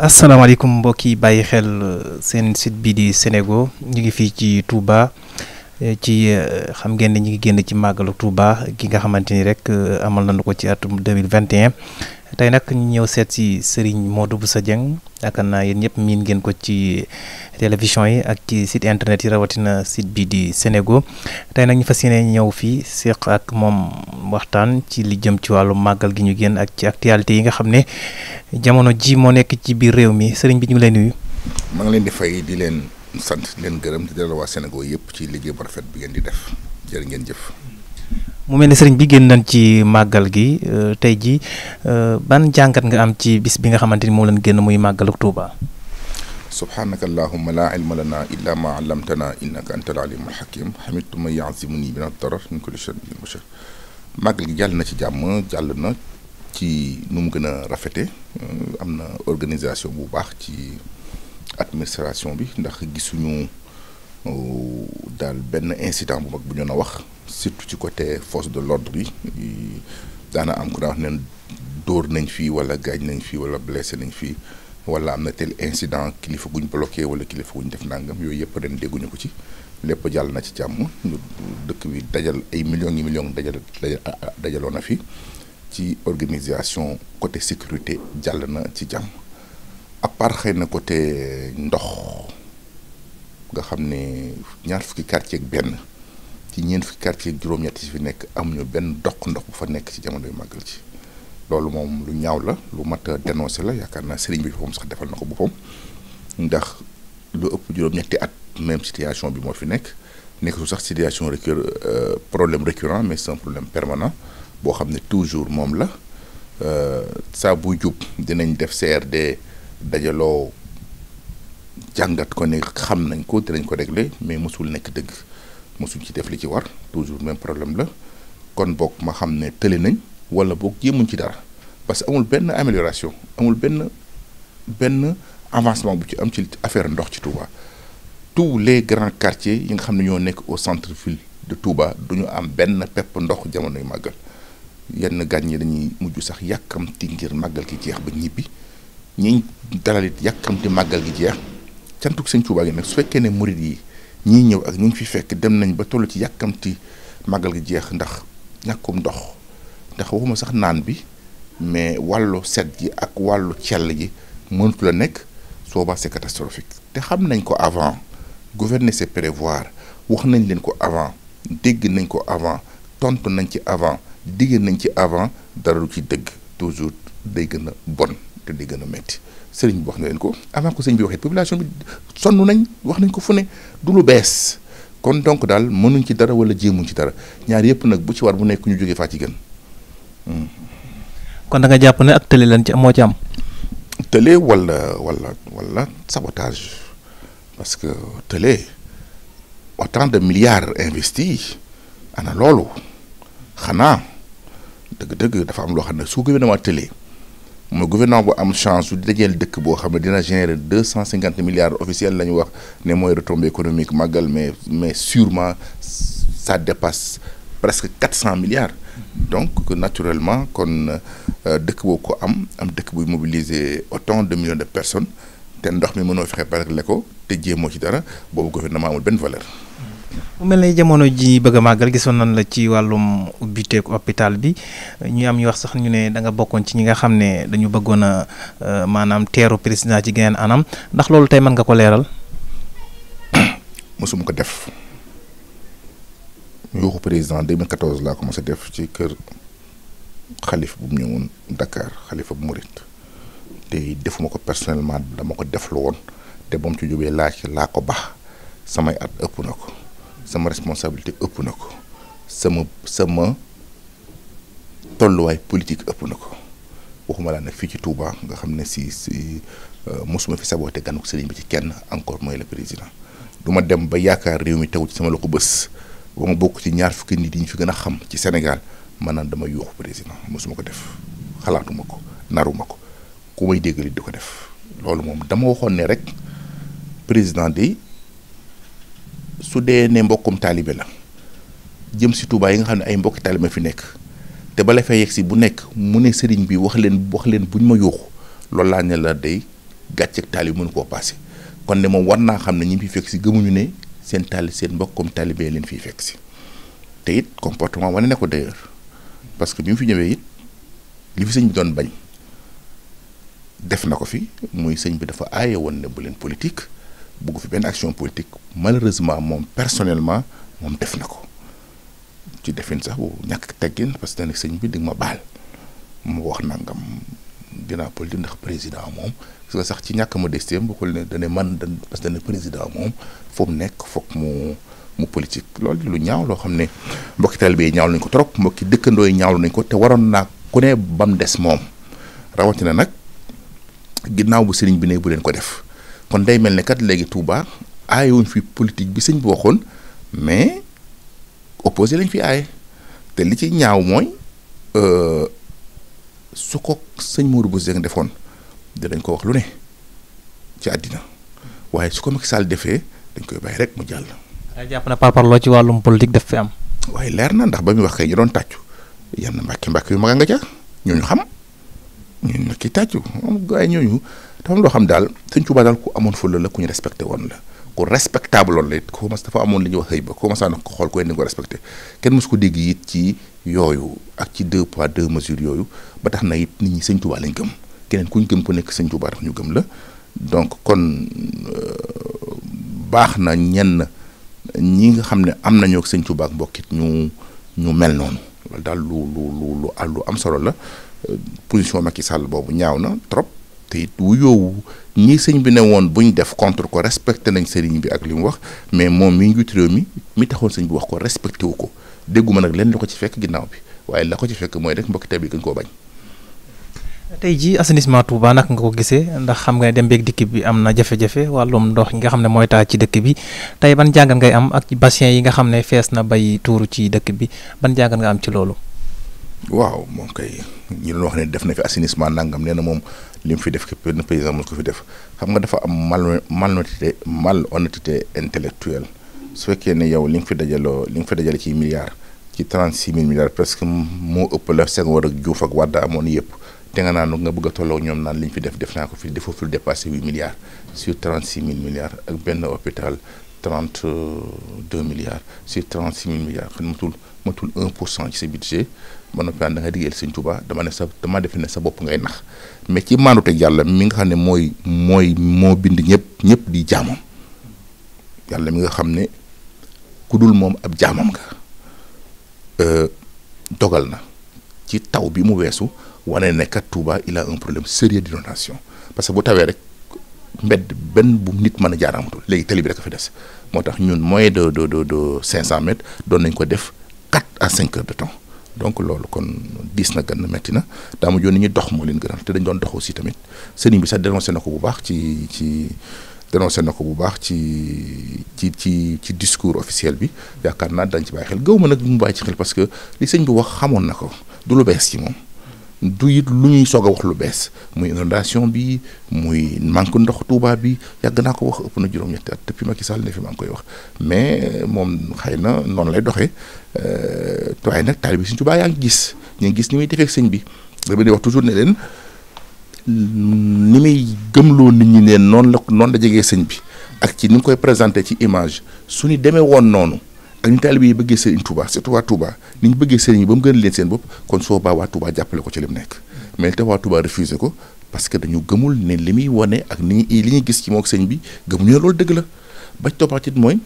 asalaamaaleykum mbokk yi bàyyi xel euh, seen site bi di Sénégo ñu ngi fii ci Touba euh, ci euh, xam ngeen ne ñu ngi génn ci màggalu Touba ki nga xamante ni rek amal nañu ko ci atum 2021 tey nag ñu ñëw seet si Serigne Modou Bousso Dieng yaakaar naa yéen ñëpp miin ngeen ko ci télévision yi ak ci site internet yi rawatina site bi di Senego tey nag ñu fa yéene ñëw fii seq ak moom waxtaan ci li jëm ci wàllu màggal gi ñu génn ak ci actualité yi nga xam ne jamono ji moo nekk ci biir réew mi Serigne bi ñu ngi lay nuyu. maa ngi leen di fay di leen sant leen gërëm di dalal waa Senego yëpp ci liggéey bu rafet bi ngeen di def jërë ngeen jëf. mu mel ne sëriñ bi génn nañ ci màggal gi euh, tey jii euh, ban jàngat nga am ci bis bi nga xamante ni moom lañ génn muy màggaluk Tuuba subhaanaka allahumma laa ilma lana illa ma allamtana innaka anta alimul hakim hamidtu ma yaazimuni min ad-darar min kulli sharrin màggal gi jàll na ci jàmm jàll na ci nu mu gën a rafete euh, am na organisation bu baax ci administration bi ndax gisuñu daal benn incident bu mag bu ñu na wax surtout ci côté force de l'ordre yi daana am ku wax ne dóor nañ fii wala gaañ nañ fii wala blessé nañ fii wala am na tel incident kilifa guñ bloqué wala kilifa gu ñu def ndàngam yooyu yëpp ren dégguñu ko ci lépp jàll na ci jàmm ñu dëkk bi dajal ay millions yi millions dajal dajaloo na fi ci organisation côté sécurité jàll na ci jàmm à part xëy na côté ndox nga xam ne ñaar fukki quartier benn ci ñeent fukki quartier juróom-ñett yi fi nekk amuñu benn dox ndox bu fa nekk ci jamono yu màggal ci loolu moom lu ñaaw la lu mat a la yaakaar naa sëriñ bi boppam sax defal na ko boppam ndax lu ëpp juróom-ñetti at même situation bi moo fi nekk nekk su sax situation récur euh, problème récurrent mais c'est un problème permanent boo xam ne toujours moom la euh, saa bu jub dinañ def CRD dajaloo jàngat ko ne xam nañ ko dinañ ko régler mais mosul nekk dëgg mosuñ ci def li ci war toujours même problème la kon boog ma xam ne tële nañ wala boog jéemuñ ci dara parce que amul benn amélioration amul benn benn avancement bu ci am ci affaire ndox ci Touba tous les grands quartiers yi nga xam ne ñoo nekk au centre ville de Touba du ñu am benn pepp ndox jamono yu màggal yenn gan ñi dañuy mujj sax yàkkamti ngir màggal gi jeex ba ñibbi ñi dalalit yàkkamti màggal gi jeex cantuk sëñ Touba gi nag su fekkee ne murit yi. ñii ñëw ak ñu ngi fi fekk dem nañ ba toll ci yàkkamti màggal gi jeex ndax ñàkkum ndox ndax waxuma sax naan bi mais wàllu set ji ak wàllu cell ji mëntu la nekk sooba c'est catastrophique te xam nañ ko avant gouverner c'est prévoir wax nañ leen ko avant dégg nañ ko avant tontu nañ ci avant digg nañ ci avant dara lu ci dëgg toujours day gën a bon te di gën a metti sëriñ bi wax na leen ko avant que sëriñ bi waxee population bi sonn nañ wax nañ ko fu ne du lu bees kon donc daal mënuñ ci dara wala jéemuñ ci dara ñaar yëpp nag bu ci war bu nekk ñu jógee faa ci gën. Hmm. kon da jàpp ne ak tële lan ci moo ci am. tële wala wala wala sabotage parce que tële autant de milliards investis ana loolu xanaa dëgg-dëgg dafa am loo xam ne su gouvernement tële. mooy gouvernement bu am chance su dajeel dëkk boo xam ne dina générer deux cent cinquante milliards officiels la ñu wax ne mooy retombée économique màggal mais mais sûrement ça dépasse presque quatre cent milliards donc naturellement kon euh, dëkk boo ko am am dëkk buy mobiliser autant de millions de personnes te ndox mi mënoo fexe barke le ko te jéemoo ci dara boobu gouvernement amul benn valeur mu mel ne jamono ji bëgg a màggal gisoon nañ la ci wàllum ubbiteeku hôpital bi ñu am ñu wax sax ñu ne da nga bokkoon ci ñi nga xam ne dañu bëggoon a euh, maanaam teeru président ci geneen anam ndax loolu tey mën nga ko leeral. mosuma ko def ñu waxu président 2014 laa ko mos a def ci kër xalifa bu mu ñëwoon Dakar xalifa bu Mouride te defuma ko personnellement dama ko def lu woon te ba ci jógee laa ci laa ko baax samay at ëpp na ko. sama responsabilité ëpp na ko sama sama tolluwaay politique ëpp na ko waxuma laa ne fii ci tuubaa nga xam ne si si euh, mosuma fi saboote ganuk sëriñ bi ci kenn encore mooy le président du ma dem ba yaakaar réew mi taw ci sama ko bës ba ma bokk ci ñaar fukki nii yi ñu fi gën a xam ci Sénégal maanaam dama yuuxu président mosuma ko def xalaatuma ko naruma ko ku may déggali di ko def loolu moom dama waxoon ne rek président de su dee ne mbokkum taalibe la jëm si Touba yi nga xam ne ay mbokki taalibe fi nekk te bala fee yegg si bu nekk mu ne sëriñ bi wax leen wax leen buñ ma yuuxu loolu laa ne la gàcce gàcceeg taalibe mënu koo paase kon ne moom war naa xam ne ñi fi fekk si gëmuñu ne seen taali seen mbokkum taalibe leen fiy fekk si te it comportement wane ne ko d'ailleurs parce que bi mu fi ñëwee it li fi sëñ bi doon bañ def na ko fi muy sëñ bi dafa aaye woon ne bu leen politique. buggu fi benn action politique malheureusement moom personnellement moom def na ko ci defin sax bu ñàkk teggin parce que daanaka sëñ bi di ma baal ma wax nangam dinaa politique ndax président moom parce que sax ci ñàkk ma desté bu ko ne dane man da parce que dane président moom foo mu nekk foog mu mu politique loolu lu ñaaw loo xam ne mbokki taalibe yi ñaawlu nañ ko trop mbokki dëkkandoo yi ñaawlu nañ ko te waroon naa ku ne bam des moom rawatina nag ginnaaw bu sëriñ bi ne bu leen ko def kon day mel ni kat léegi Touba aayewuñ fi politique bi sëñ bi waxoon mais opposé lañ fi aaye te li ci ñaaw mooy euh, su ko sëñ Modou Bousso Dieng defoon dinañ ko wax lu ne ci àddina waaye su ko Macky Sall defee dañ koy bàyyi rek mu jàll. jàpp na par parloo ci wàllum politique def fi am. waaye leer na ndax ba muy wax kay ñu doon tàccu yenn mbàkk mbàkk yu mag nga ca ñooñu xam ñun nag ki tàccu am gaay ñooñu. dafa loo xam daal Sëñ Tuubaa daal ku amoon fulla la ku ñu respecté woon la ku respectable woon la it ku mas dafa amoon li ñuy wax xëy ba ku mas na ko xool ku leen ko respecté kenn mos ko dégg it ci yooyu ci deux poids deux mesures yooyu ba tax na it nit ñi Sëñ Tuubaa lañ gëm keneen ku gëm ku nekk Sëñ Tuubaa tax ñu gëm la donc kon euh, baax na ñenn ñi nga xam ne am nañoo ak Sëñ Tuubaa ak mbokkit ñu ñu mel noonu loolu daal lu lu lu lu am solo la euh, position Macky sàll boobu ñaaw na trop. te it wu yoowu ñi sëñ bi ne woon buñ def contre ko respecté nañ sëriñ bi ak li mu wax mais moom mi njiitu mi mi taxoon sëñ bi wax ko respecté wu ko dégguma nag leen la ko ci fekk ginnaaw bi waaye la ko ci fekk mooy rek mbokki tabi gën koo bañ tey jii assainissement Touba nag nga ko gisee ndax xam nga dem beeg dikk bi am na jafe-jafe wàllum ndox nga xam ne mooy taa ci dëkk bi tey ban jàngat ngay am ak bassin yi nga xam ne fees na bay tuuru ci dëkk bi ban jàngat nga am ci loolu. waaw moom kay ñu doon wax ne def na fi assainissement nangam nee na moom li mu fi def benn paysan mos ko fi def xam nga dafa am mal malhonnêteté malhonnêteté intellectuelle su fekkee ne yow li nga fi dajaloo li nga fi dajale ci milliards ci trente six mille milliards presque moo ëpp la Senghor ak Diouf ak Wade amoon yëpp te nga naan nga bëgg a ñoom naan li ñu fi def def naa ko fi defoo foofu dépassé huit milliards sur trente six mille milliards ak benn hôpital trente deux milliards sur trente six mille milliards xam matul matul 1 pour cent ci sa budget ma noppi ànd da nga diggeel Sëñ Tuubaa dama ne sa dama defe ne sa bopp ngay nax mais ci maandu teg yàlla mi nga xam ne mooy mooy moo bind ñëpp ñëpp di jaamam yàlla mi nga xam ne ku dul moom ab jaamam nga euh, dogal na ci taw bi mu weesu wane ne kat Touba il a un problème sérieux d'inondation parce que bu tawee rek mbedd benn bu nit mën a jaaraamatul léegi tali bi rek a fi des moo tax ñun mooy de de de de 500 mètres doon nañ ko def. quatre à cinq heures de temps donc loolu kon diis na gën metti na daa ma joon ni ñu dox moo leen gënal te dañ doon dox aussi tamit sëriñ bi sax dénoncé na ko bu baax ci ci dénoncé na ko bu baax ci ci ci ci discours officiel bi yaakaar naa dañ ci bàyyi xel gëw ma nag mu bàyyi ci xel parce que li sëñ bi wax xamoon na ko du lu bees ci moom du it lu ñuy soog a wax lu bees muy inondation bi muy manque ndox Touba bi yàgg naa ko wax ëpp na juróom-ñetti at depuis Macky Sall ne fi maa ngi koy wax mais moom xay na noonu lay doxee euh, waaye nag taalibe bi Sëñ Touba yaa ngi gis ñu gis ni muy sëñ bi dama di wax toujours ne leen ni muy gëmloo nit ñi leen noonu la noon la jegee sëñ bi ak ci ni mu koy présenté ci image su ñu demee woon noonu. ak ni taalibe yi bëggee Serigne Touba surtout waa Touba ni ñu bëggee Serigne yi ba mu gën leen seen bopp kon soo baa waa Touba jàppale ko ci li mu nekk mais li waa Touba refusé ko parce que dañu gëmul ne li muy wane ak ni li ñuy gis ci mook sëñ bi gëmuñu ne loolu dëgg la ba ci toppaat it mooy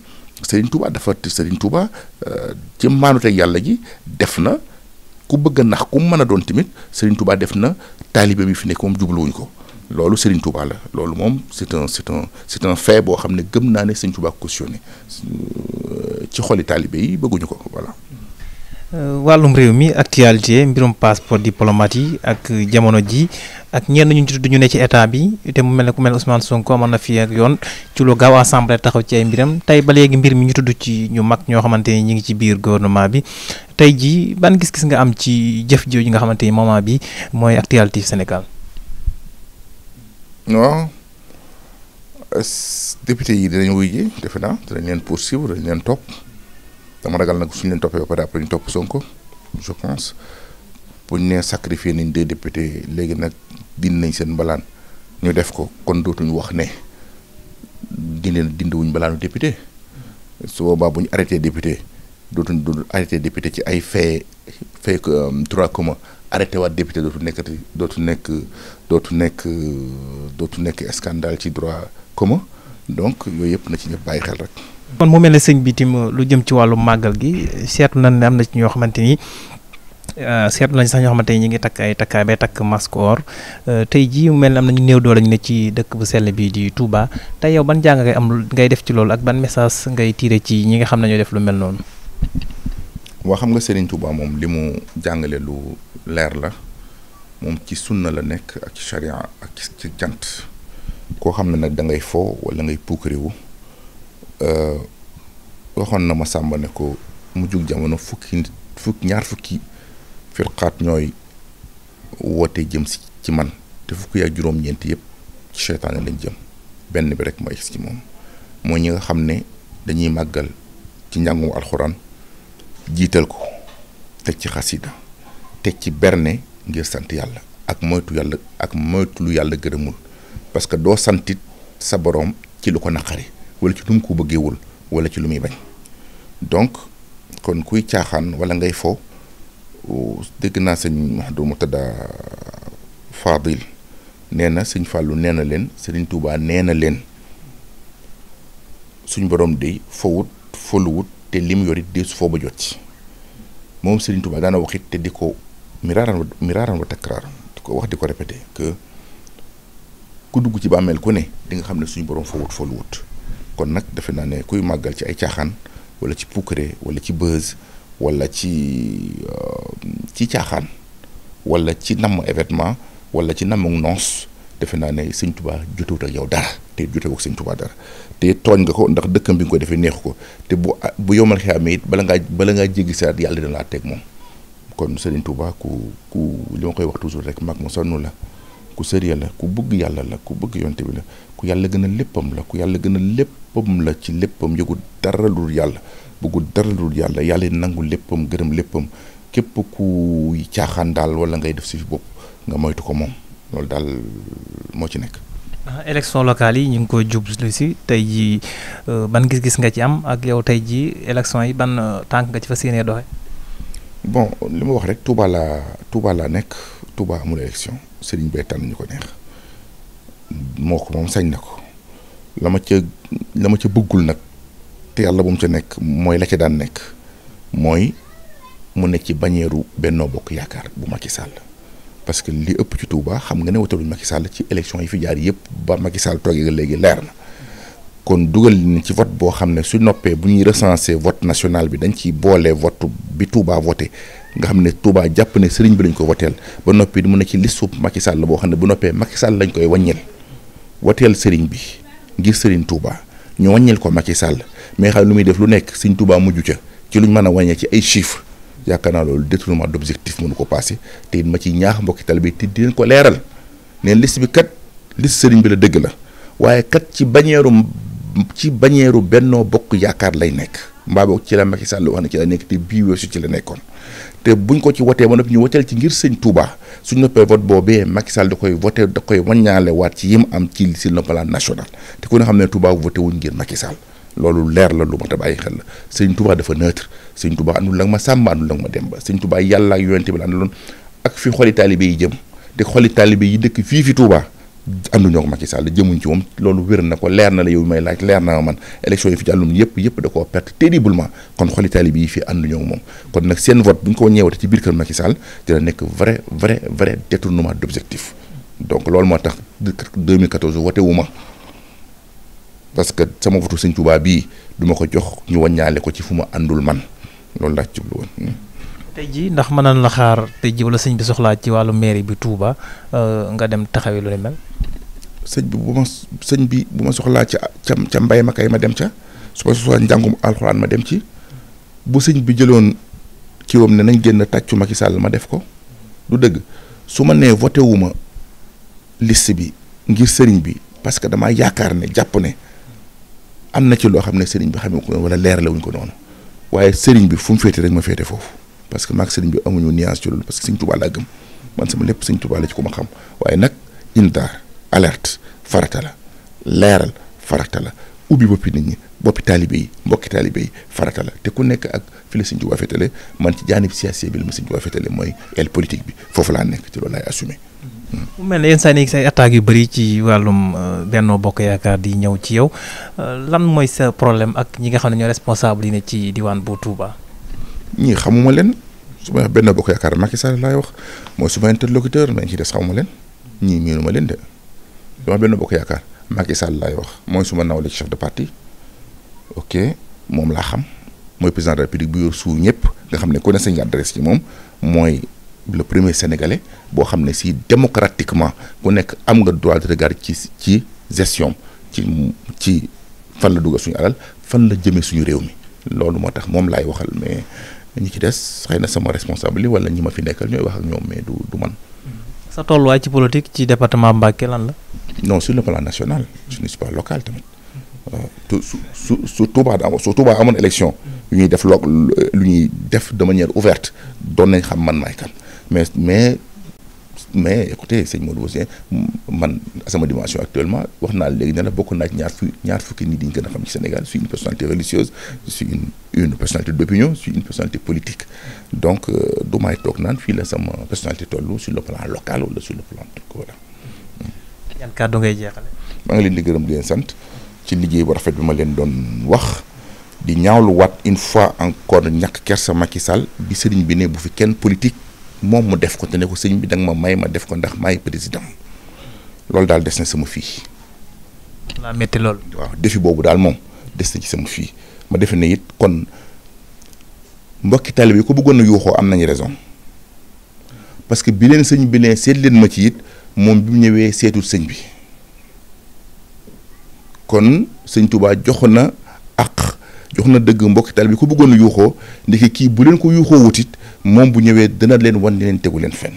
Serigne Touba dafa Serigne Touba euh, ci maanuteeg yàlla ji def na ku bëgg a nax ku mën a doon tamit Serigne Touba def na taalibe bi fi nekk moom jubluwuñ ko. loolu Serigne Touba la loolu moom c'est un c'est un fait boo xam ne gëm naa ne Serigne Touba cautionné ci xoli taalibe yi bëgguñu ko voilà. Euh, wàllum réew mi actualité mbirum passeport diplomate yi ak jamono ji ak ñenn ñu tudd ñu ne ci état bi te mu mel ne ku mel Ousmane Sonko amoon na fi ak yoon ci lu gaaw assemblée taxaw ci ay mbiram tey ba léegi mbir mi ñu tudd ci ñu mag ñoo xamante ni ñu ngi ci biir gouvernement bi tey ji ban gis-gis nga am ci jëf jooju nga xamante ni moment bi mooy actualité Sénégal. non député yi dinañ wuy ji defe naa dinañ leen poursuivre dinañ leen topp dama ragal nag suñ leen toppee ba pare après ñu topp Sonko je pour ñu nee sacrifié nañ de députés léegi nag dindi nañ seen mbalaan ñu def ko kon dootuñu wax ne dindi dindi wuñ mbalaanu député su boobaa bu ñu arrêté député dootuñ du arrêté député ci ay fait fait euh, droit commun arrêté waat député dootu nekkati dootu nekk dootu nekk dootu nekk scandale ci droit comme donc yooyu yëpp na ci ñëpp bàyyi xel rek. kon mu mel ne sëñ bi tim lu jëm ci wàllu màggal gi seetlu na ne am na ci ñoo xamante ni euh, seetlu nañ sax ñoo xamante ni ñu ngi takk ay takkaay bay takk masque or euh, tey jii mu mel ne am na ñu néew doole ñu ne ci dëkk bu sell bii di Touba te yow ban jàng ngay am ngay def ci loolu ak ban message ngay tiire ci ñi nga xam ne ñoo def lu mel noonu. waa xam nga Serigne Touba moom li mu jàngale lu leer la moom ci sunna la nekk ak ci charia ak ci jant koo xam ne nag dangay foo wala ngay puukariwu euh, waxoon na ma sàmba ne ko mu jug jamono fukki fukki ñaar fukki firqaat ñooy woote jëm si ci man te fukki ak juróom-ñeent yëpp ci seytaane lañ jëm benn bi rek ma gis ci moom mooy ñi nga xam ne dañuy màggal ci njàngum alxuraan jiital ko teg ci xasida teg ci berne ngir sant yàlla ak moytu yàlla ak moytu yàlla gërëmul parce que doo santit sa boroom ci lu ko naqari wala ci lu mu ko bëggeewul wala ci lu muy bañ donc kon kuy caaxaan wala ngay fo dégg naa sëñ Mahdu Murtada Fadil nee na sëñ Fàllu nee na leen sëriñ Tuubaa nee na leen suñ boroom dey fowut foluwut te li mu yor it foo ba jot ci moom Serigne Touba daana wax it te di ko miraaran miraaran wa takraar di ko wax di ko répété ku dugg ci bàmmeel ku ne di nga xam ne suñu borom foo wut foo lu wut kon nag defe naa ne kuy màggal ci ay caaxaan wala ci pukkare wala ci buzz walla ci euh, ci caaxaan wala ci namm événement wala ci nammu noos. defe naa ne sëñ tubaa jotewut ak yow dara te jotewoo ak sëñ tubaa dara te tooñ nga ko ndax dëkkam bi nga ko defee neexu ko te bu bu yomal xiyaamee it bala ngaa bala ngaa jéggi siraat yàlla dina laa teg moom kon sëriñ tubaa ku ku li ma koy wax toujours rek mag mu sonn la ku sérieux la ku bëgg yàlla la ku bëgg yonte bi la ku yàlla gën a léppam la ku yàlla gën a léppam la ci léppam yëgu dara lu dul yàlla bëggul dara lu dul yàlla yàlla nangu léppam gërëm léppam képp ku caaxaan daal wala ngay def si fi bopp nga moytu ko moom loolu daal moo ci nekk. Ah, élection locale yi ñu ngi koy jublu si tey jii euh, ban gis-gis nga ci am ak yow tey jii élection yi ban euh, tànk nga ci fas yéenee doxe bon li ma wax rek Touba laa Touba laa nekk Touba amul élection Serigne ñu ko neex moo ko moom sañ na ko la ma ca la ma ca bëggul nag te yàlla bu mu ca nekk mooy la ca daan nekk mooy mu nekk ci bañeeru Benno Bokk Yaakaar bu ci sàll parce que li ëpp ci Touba xam nga ne woteeluñ Macky Sall ci élection yi fi jaar yëpp ba Macky Sall toogee léegi leer na kon dugal nañ ci vote boo xam ne su noppee bu ñuy recenser vote national bi dañ ciy boolee vote bi Touba voté nga xam ne Touba jàpp ne sëriñ bi lañ ko voteel ba noppi mu na ci listu Macky Sall boo xam ne bu noppee Macky Sall lañ koy wàññil woteel sëriñ bi ngir sëriñ Touba ñu wàññil ko Macky Sall mais xam lu muy def lu nekk sëriñ Touba mujj ca ci luñ mën wàññee ci ay chiffres. yaakaar naa loolu détournement d' objectif mënu ko passé te it ma ciy ñaax mbokki tali bi te di leen ko leeral neen liste bi kat liste sëriñ bi la dëgg la waaye kat ci bañeeru ci bañeeru bennoo bokk yaakaar lay nekk mbaa boog ci la Macky Sall wax na ci la nekk te bii weesu ci la nekkoon te buñ ko ci wotee ma noppi ñu woteel ci ngir sëñ Touba suñ noppee vote boobee Macky Sall da koy voté da koy waññaale waat ci yim am ci si le plan national te ku ne xam ne Touba voté wuñ ngir Macky Sall loolu leer la lu mat a bàyyi xel la sëñ Touba dafa neutre sëñ tubaa àndul nag ma sàmba àndul nag ma demba sëñ tubaa yàlla ak yonente bi la àndaloon ak fi xoli taalibe yi jëm te xoli taalibe yi dëkk fii fi tubaa ànduñoo ko Macky Sall jëmuñ ci moom loolu wér na ko leer na la yow may laaj leer na man élection yi fi jàllum yëpp yëpp da koo perte terriblement kon xoli taalibe yi fii ànduñoo moom kon nag seen vote bu ñu ko ñeewate ci biir kër ki Sall dina nekk vrai vrai vrai détournement d'objectif donc loolu moo tax 2014 wote wu ma parce que sama votu sëñ Touba bii duma ko jox ñu wàññaale ko ci fu ma àndul man loolu laa ci jublu woon. tey jii ndax mën nañ la xaar tey jii sëñ bi soxlaa ci wàllu mairie bi Touba euh, nga dem taxawee lu ni mel. sëñ bi bu ma sëñ bi bu ma soxlaa ca ca ca mbay ma kay ma dem ca su ma soxlaa njàngum alxuraan ma dem ci bu sëñ bi jëloon kiwam ne nañ génn tàccu Macky Sall ma def ko du dëgg su ma nee voté list bi ngir sëriñ bi parce que damaa yaakaar ne jàpp ne am na ci loo xam ne sëriñ bi xamee ko wala leeralewuñ ko noonu. waaye sëriñ bi fu mu féete rek ma féete foofu parce que maag sëriñ bi amuñu nuance ci loolu parce que sëñ Tuubaa laa gëm man sama lépp sëñ Tuubaa la ci ko ma xam waaye nag indaar alerte farata la leeral farata la ubbi boppi nit ñi boppi taalibe yi mbokki taalibe yi farata la te ku nekk ak fi la sëñ Tuubaa féetale man ci jaanib siyaase bi la ma sëñ Tuubaa féetale mooy el politique bi foofu laa nekk ci loolu laay assumé mu mel ne yenn saa yi say attaques yu bëri ci wàllum euh, Benno Bokk Yaakaar di ñëw ci yow euh, lan mooy sa problème ak ñi nga xam ne ñoo responsable yi ne ci diwaan bu Touba. ñii xamuma leen su ma Benno Bokk Yaakaar Macky Sall laay wax mooy suma interlocuteur mais ñi ci des xamuma leen ñii miinuma leen de su Bokk Yaakaar Macky Sall laay wax mooy suma nawle ci chef de parti ok moom laa xam mooy président de la République bu yor ñëpp nga xam ne ku ne sañ adresse ci moom mooy. le premier sénégalais boo xam ne si démocratiquement ku nekk am nga droit de regard ci ci gestion ci ci fan la duggal suñu alal fan la jëmee suñu réew mi loolu moo tax moom laay waxal mais ñi ci des xëy na sama responsable yi wala ñi ma fi nekkal ñooy wax ak ñoom mais du du man. sa tolluwaay ci politique ci département Mbacké lan la. non sur le plan national. je ne suis pas local tamit. waaw euh, su su su Touba amoon su Touba amoon élection. lu ñuy def loo lu ñuy def de manière doon nañ xam man mais mais mais écoutez sëñ Modou Bousso man sama dimension actuellement wax naa léegi ne la bokk naa ñaar ñaar fukki nit yi gën a xam ci Sénégal su suis une personnalité religieuse je suis une une personnalité d'opinion je suis une personnalité politique donc euh, du may toog naan fii la sama personnalité tollu sur le plan local wala sur le plan voilà. Hmm. yan kàddu maa ngi leen di gërëm di sant ci liggéey bu rafet bi ma leen doon wax di ñaawlu waat une fois encore ñàkk kersa Macky sal bi sëriñ bi ne bu fi kenn politique. moom mu def ko te ne ko sëñ bi danga ma may ma def ko ndax maay président loolu daal des na sama fii. la metti lool. waaw defi boobu daal moom des na ci sama fii ma defe ne it kon mbokki talib yi ko bëggoon na yuuxoo am nañu raison parce que bi leen sëñ bi ne seet leen ma ci it moom bi mu ñëwee seetul sëñ bi kon sëñ tubaa jox na. jox na dëgg mbokki taal bi ku bëggoon yuuxoo ndeke kii bu leen ko yuuxoo wutit moom bu ñëwee dana leen wan ne leen tegu leen fenn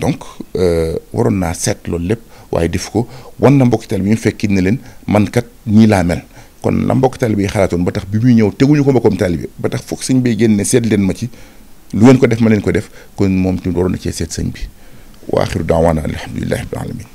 donc euh, waroon naa seet loolu lépp waaye def ko wan na mbokki taal bi ñu fekki ne leen man kat ñii laa mel kon la mbokki taal bi xalaatoon ba tax bi muy ñëw teguñu ko mbokkom taal ba tax foog sëñ bay génne seet leen ma ci lu ngeen ko def ma leen ko def kon moom tamit waroon na cee seet sëñ bi waa axiru daawaana alhamdulillahi rabbil alamin